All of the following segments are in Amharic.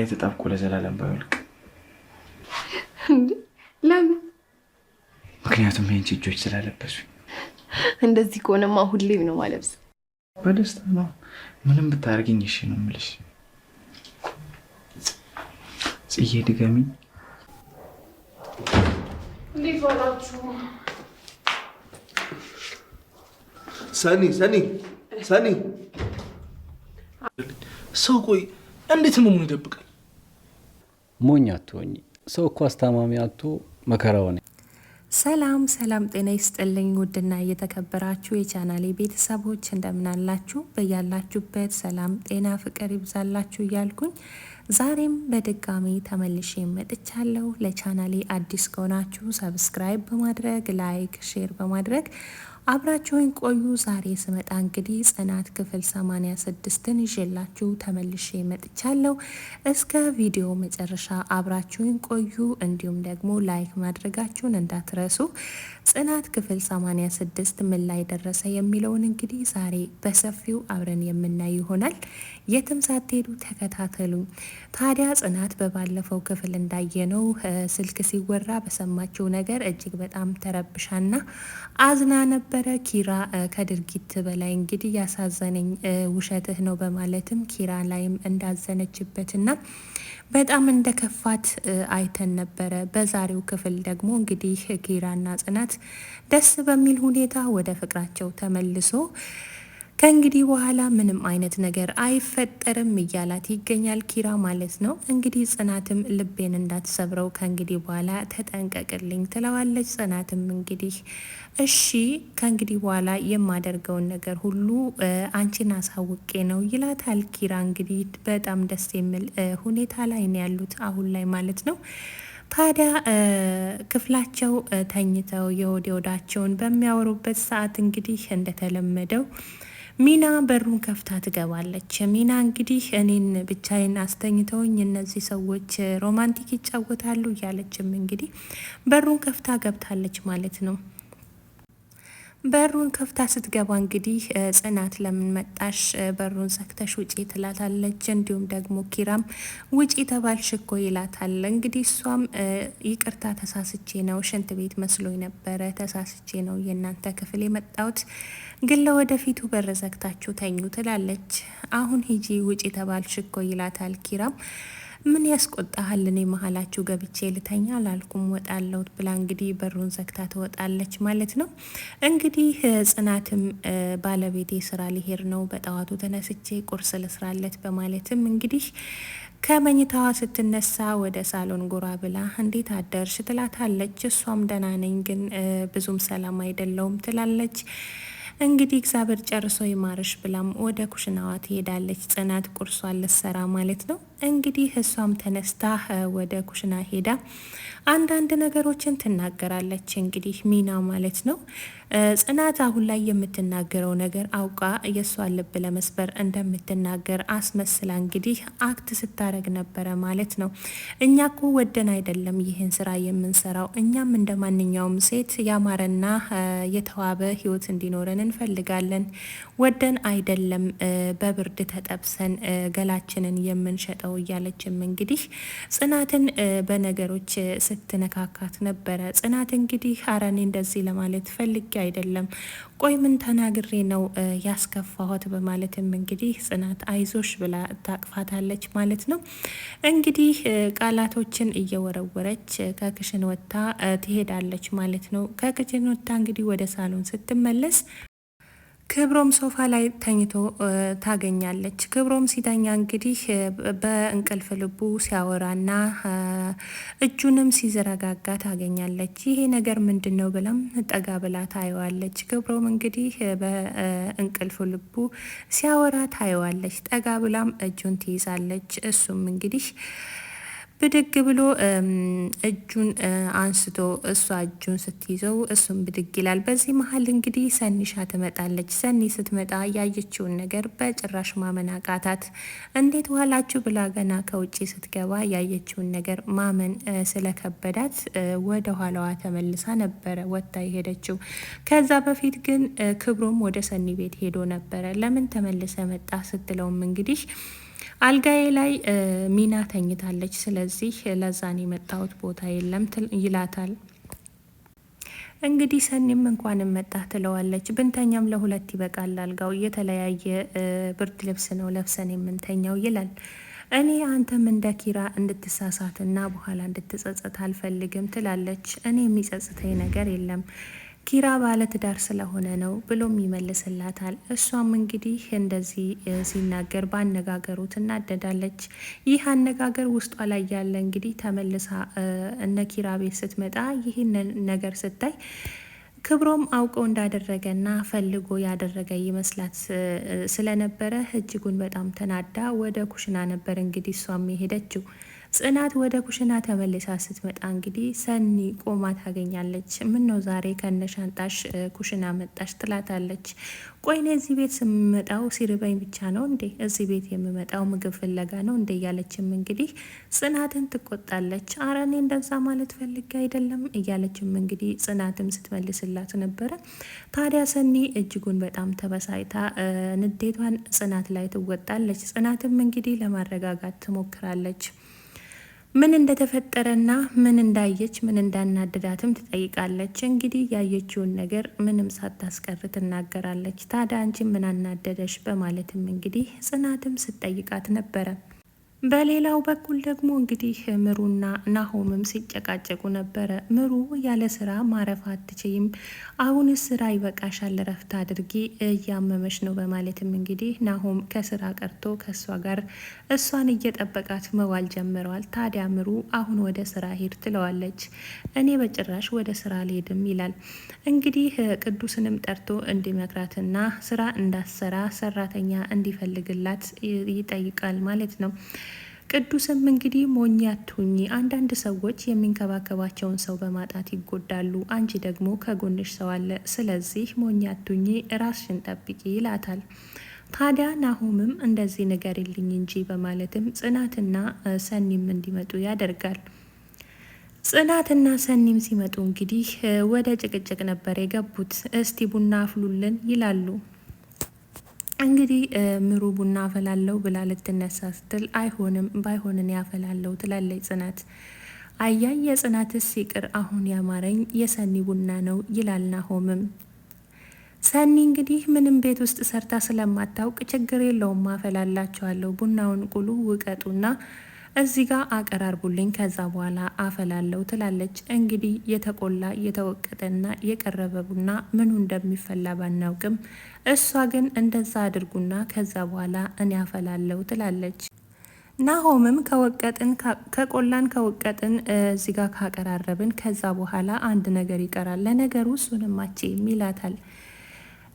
ላይ ተጣብቆ ለዘላለም ባይወልቅ። ለምን? ምክንያቱም ይህንቺ እጆች ስላለበሱ። እንደዚህ ከሆነማ ሁሌም ነው ማለብስ። በደስታ ነው። ምንም ብታደርግኝ እሺ ነው የምልሽ። ጽዬ ድገሚ። እንዴት ዋላችሁ? ሰኒ ሰኒ ሰኒ ሰው ቆይ፣ እንዴት ህመሙን ይደብቃል? ሞኝ አትሆኝ። ሰው እኮ አስታማሚ አቶ ነ ሰላም ሰላም፣ ጤና ይስጥልኝ ውድና እየተከበራችሁ የቻናሌ ቤተሰቦች እንደምናላችሁ፣ በያላችሁበት ሰላም ጤና ፍቅር ይብዛላችሁ እያልኩኝ ዛሬም በድጋሚ ተመልሼ መጥቻለሁ። ለቻናሌ አዲስ ከሆናችሁ ሰብስክራይብ በማድረግ ላይክ፣ ሼር በማድረግ አብራቸውን ቆዩ። ዛሬ ስመጣ እንግዲህ ጽናት ክፍል ሰማንያ ስድስትን ይዤላችሁ ተመልሼ መጥቻለሁ። እስከ ቪዲዮ መጨረሻ አብራችሁን ቆዩ። እንዲሁም ደግሞ ላይክ ማድረጋችሁን እንዳትረሱ። ጽናት ክፍል ሰማንያ ስድስት ምን ላይ ደረሰ የሚለውን እንግዲህ ዛሬ በሰፊው አብረን የምናይ ይሆናል። የትም ሳትሄዱ ተከታተሉ። ታዲያ ጽናት በባለፈው ክፍል እንዳየነው ስልክ ሲወራ በሰማችው ነገር እጅግ በጣም ተረብሻና አዝና ነበር ነበረ። ኪራ ከድርጊት በላይ እንግዲህ ያሳዘነኝ ውሸትህ ነው በማለትም ኪራ ላይም እንዳዘነችበትና በጣም እንደ ከፋት አይተን ነበረ። በዛሬው ክፍል ደግሞ እንግዲህ ኪራና ጽናት ደስ በሚል ሁኔታ ወደ ፍቅራቸው ተመልሶ ከእንግዲህ በኋላ ምንም አይነት ነገር አይፈጠርም እያላት ይገኛል ኪራ ማለት ነው። እንግዲህ ጽናትም ልቤን እንዳትሰብረው ከእንግዲህ በኋላ ተጠንቀቅልኝ ትለዋለች። ጽናትም እንግዲህ እሺ ከእንግዲህ በኋላ የማደርገውን ነገር ሁሉ አንቺን አሳውቄ ነው ይላታል ኪራ። እንግዲህ በጣም ደስ የሚል ሁኔታ ላይ ነው ያሉት አሁን ላይ ማለት ነው። ታዲያ ክፍላቸው ተኝተው የወዲ ወዳቸውን በሚያወሩበት ሰዓት እንግዲህ እንደተለመደው ሚና በሩን ከፍታ ትገባለች። ሚና እንግዲህ እኔን ብቻዬን አስተኝተውኝ እነዚህ ሰዎች ሮማንቲክ ይጫወታሉ እያለችም እንግዲህ በሩን ከፍታ ገብታለች ማለት ነው። በሩን ከፍታ ስትገባ እንግዲህ ጽናት ለምን መጣሽ? በሩን ዘግተሽ ውጪ ትላታለች። እንዲሁም ደግሞ ኪራም ውጪ ተባልሽ እኮ ይላታል። እንግዲህ እሷም ይቅርታ ተሳስቼ ነው፣ ሽንት ቤት መስሎ ነበረ፣ ተሳስቼ ነው የእናንተ ክፍል የመጣሁት፣ ግን ለወደፊቱ በር ዘግታችሁ ተኙ ትላለች። አሁን ሂጂ ውጪ ተባልሽ እኮ ይላታል ኪራም ምን ያስቆጣሃል? እኔ መሀላችሁ ገብቼ ልተኛ ላልኩም ወጣለሁ ብላ እንግዲህ በሩን ዘግታ ትወጣለች ማለት ነው። እንግዲህ ጽናትም ባለቤቴ ስራ ሊሄድ ነው፣ በጠዋቱ ተነስቼ ቁርስ ልስራለት በማለትም እንግዲህ ከመኝታዋ ስትነሳ ወደ ሳሎን ጎራ ብላ እንዴት አደርሽ ትላታለች። እሷም ደህና ነኝ ግን ብዙም ሰላም አይደለውም ትላለች። እንግዲህ እግዚአብሔር ጨርሶ ይማርሽ ብላም ወደ ኩሽናዋ ትሄዳለች። ጽናት ቁርሷን ልትሰራ ማለት ነው። እንግዲህ እሷም ተነስታ ወደ ኩሽና ሄዳ አንዳንድ ነገሮችን ትናገራለች። እንግዲህ ሚና ማለት ነው። ጽናት አሁን ላይ የምትናገረው ነገር አውቃ የእሷ ልብ ለመስበር እንደምትናገር አስመስላ እንግዲህ አክት ስታረግ ነበረ ማለት ነው። እኛ ኮ ወደን አይደለም ይህን ስራ የምንሰራው። እኛም እንደ ማንኛውም ሴት ያማረና የተዋበ ህይወት እንዲኖረን እንፈልጋለን። ወደን አይደለም በብርድ ተጠብሰን ገላችንን የምንሸጠው ተው እያለችም እንግዲህ ጽናትን በነገሮች ስትነካካት ነበረ። ጽናት እንግዲህ አረኔ እንደዚህ ለማለት ፈልጌ አይደለም፣ ቆይ ምን ተናግሬ ነው ያስከፋሁት? በማለትም እንግዲህ ጽናት አይዞሽ ብላ ታቅፋታለች ማለት ነው። እንግዲህ ቃላቶችን እየወረወረች ከክሽን ወጥታ ትሄዳለች ማለት ነው። ከክሽን ወጥታ እንግዲህ ወደ ሳሎን ስትመለስ ክብሮም ሶፋ ላይ ተኝቶ ታገኛለች። ክብሮም ሲተኛ እንግዲህ በእንቅልፍ ልቡ ሲያወራና እጁንም ሲዘረጋጋ ታገኛለች። ይሄ ነገር ምንድን ነው ብላም ጠጋ ብላ ታየዋለች። ክብሮም እንግዲህ በእንቅልፍ ልቡ ሲያወራ ታየዋለች። ጠጋ ብላም እጁን ትይዛለች። እሱም እንግዲህ ብድግ ብሎ እጁን አንስቶ እሷ እጁን ስትይዘው እሱም ብድግ ይላል። በዚህ መሀል እንግዲህ ሰኒሻ ትመጣለች። ሰኒ ስትመጣ ያየችውን ነገር በጭራሽ ማመን አቃታት። እንዴት ዋላችሁ ብላ ገና ከውጭ ስትገባ ያየችውን ነገር ማመን ስለከበዳት ወደ ኋላዋ ተመልሳ ነበረ ወጥታ የሄደችው። ከዛ በፊት ግን ክብሮም ወደ ሰኒ ቤት ሄዶ ነበረ። ለምን ተመልሰ መጣ ስትለውም እንግዲህ አልጋዬ ላይ ሚና ተኝታለች። ስለዚህ ለዛን የመጣሁት ቦታ የለም ይላታል። እንግዲህ ሰኒም እንኳን መጣ ትለዋለች። ብንተኛም ለሁለት ይበቃል አልጋው የተለያየ ብርድ ልብስ ነው ለብሰን የምንተኛው ይላል። እኔ አንተም እንደ ኪራ እንድትሳሳትና በኋላ እንድትጸጸት አልፈልግም ትላለች። እኔ የሚጸጽተኝ ነገር የለም ኪራ ባለትዳር ስለሆነ ነው ብሎም ይመልስላታል። እሷም እንግዲህ እንደዚህ ሲናገር በአነጋገሩ ትናደዳለች። ይህ አነጋገር ውስጧ ላይ ያለ እንግዲህ ተመልሳ እነ ኪራ ቤት ስትመጣ ይህን ነገር ስታይ ክብሮም አውቀው እንዳደረገና ፈልጎ ያደረገ ይመስላት ስለነበረ እጅጉን በጣም ተናዳ ወደ ኩሽና ነበር እንግዲህ እሷም የሄደችው። ጽናት ወደ ኩሽና ተመልሳ ስትመጣ እንግዲህ ሰኒ ቆማ ታገኛለች። ምን ነው ዛሬ ከነሻንጣሽ ኩሽና መጣሽ? ትላታለች። ቆይኔ እዚህ ቤት ስምመጣው ሲርበኝ ብቻ ነው እንዴ እዚህ ቤት የምመጣው ምግብ ፍለጋ ነው እንዴ? እያለችም እንግዲህ ጽናትን ትቆጣለች። አረ እኔ እንደዛ ማለት ፈልጌ አይደለም እያለችም እንግዲህ ጽናትም ስትመልስላት ነበረ። ታዲያ ሰኒ እጅጉን በጣም ተበሳይታ ንዴቷን ጽናት ላይ ትወጣለች። ጽናትም እንግዲህ ለማረጋጋት ትሞክራለች። ምን እንደተፈጠረና ምን እንዳየች ምን እንዳናደዳትም ትጠይቃለች። እንግዲህ ያየችውን ነገር ምንም ሳታስቀር ትናገራለች። ታዲያ አንቺ ምን አናደደሽ በማለትም እንግዲህ ጽናትም ስትጠይቃት ነበረ። በሌላው በኩል ደግሞ እንግዲህ ምሩና ናሆምም ሲጨቃጨቁ ነበረ። ምሩ ያለ ስራ ማረፍ አትችይም፣ አሁን ስራ ይበቃሻል፣ እረፍት አድርጊ፣ እያመመሽ ነው በማለትም እንግዲህ ናሆም ከስራ ቀርቶ ከእሷ ጋር እሷን እየጠበቃት መዋል ጀምረዋል። ታዲያ ምሩ አሁን ወደ ስራ ሂድ ትለዋለች። እኔ በጭራሽ ወደ ስራ አልሄድም ይላል። እንግዲህ ቅዱስንም ጠርቶ እንዲመክራትና ስራ እንዳሰራ ሰራተኛ እንዲፈልግላት ይጠይቃል ማለት ነው። ቅዱስም እንግዲህ ሞኝ አትሁኚ፣ አንዳንድ ሰዎች የሚንከባከባቸውን ሰው በማጣት ይጎዳሉ፣ አንቺ ደግሞ ከጎንሽ ሰው አለ፣ ስለዚህ ሞኝ አትሁኚ፣ ራስሽን ጠብቂ ይላታል። ታዲያ ናሆምም እንደዚህ ንገሪልኝ እንጂ በማለትም ጽናትና ሰኒም እንዲመጡ ያደርጋል። ጽናትና ሰኒም ሲመጡ እንግዲህ ወደ ጭቅጭቅ ነበር የገቡት። እስቲ ቡና አፍሉልን ይላሉ። እንግዲህ ምሩ ቡና አፈላለው ብላ ልትነሳ ስትል አይሆንም ባይሆንን ያፈላለው ትላለች ጽናት። አያይ የጽናትስ ይቅር አሁን ያማረኝ የሰኒ ቡና ነው ይላል ናሆምም። ሰኒ እንግዲህ ምንም ቤት ውስጥ ሰርታ ስለማታውቅ ችግር የለውም አፈላላችኋለሁ፣ ቡናውን ቁሉ ውቀጡና እዚህ ጋር አቀራርቡልኝ ከዛ በኋላ አፈላለው ትላለች። እንግዲህ የተቆላ የተወቀጠና የቀረበ ቡና ምኑ እንደሚፈላ ባናውቅም እሷ ግን እንደዛ አድርጉና ከዛ በኋላ እኔ አፈላለው ትላለች። ናሆምም ከወቀጥን ከቆላን ከወቀጥን እዚህ ጋር ካቀራረብን ከዛ በኋላ አንድ ነገር ይቀራል፣ ለነገሩ እሱንም አቼ ይላታል።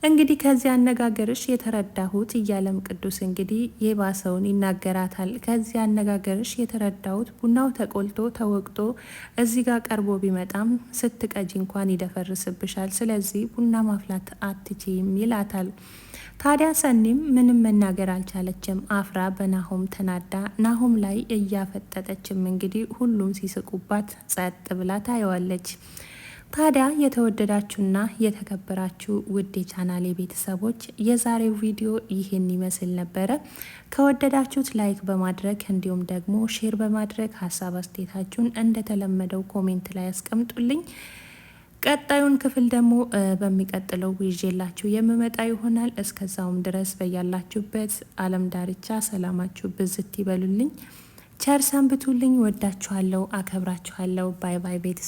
እንግዲህ ከዚህ አነጋገርሽ የተረዳሁት እያለም ቅዱስ እንግዲህ የባሰውን ይናገራታል። ከዚህ አነጋገርሽ የተረዳሁት ቡናው ተቆልቶ ተወቅጦ እዚህ ጋር ቀርቦ ቢመጣም ስትቀጂ እንኳን ይደፈርስብሻል፣ ስለዚህ ቡና ማፍላት አትችም ይላታል። ታዲያ ሰኒም ምንም መናገር አልቻለችም። አፍራ በናሆም ተናዳ ናሆም ላይ እያፈጠጠችም እንግዲህ ሁሉም ሲስቁባት ጸጥ ብላ ታየዋለች። ታዲያ የተወደዳችሁና የተከበራችሁ ውድ የቻናሌ ቤተሰቦች የዛሬው ቪዲዮ ይህን ይመስል ነበረ። ከወደዳችሁት ላይክ በማድረግ እንዲሁም ደግሞ ሼር በማድረግ ሀሳብ አስተያየታችሁን እንደተለመደው ኮሜንት ላይ አስቀምጡልኝ ቀጣዩን ክፍል ደግሞ በሚቀጥለው ይዤላችሁ የምመጣ ይሆናል። እስከዛውም ድረስ በያላችሁበት ዓለም ዳርቻ ሰላማችሁ ብዝት ይበሉልኝ። ቸር ሰንብቱልኝ። ወዳችኋለሁ፣ አከብራችኋለሁ። ባይ ባይ ቤተሰብ